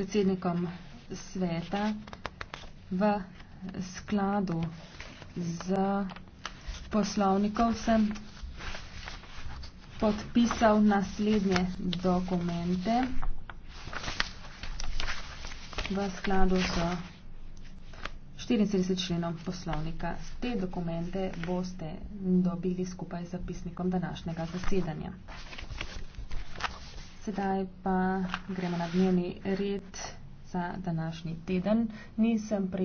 predsednikom sveta v skladu z poslovnikov sem podpisal naslednje dokumente v skladu z 34 členom poslovnika. Te dokumente boste dobili skupaj z zapisnikom današnjega zasedanja. Sedaj pa gremo na dnevni red za današnji teden. Nisem prej.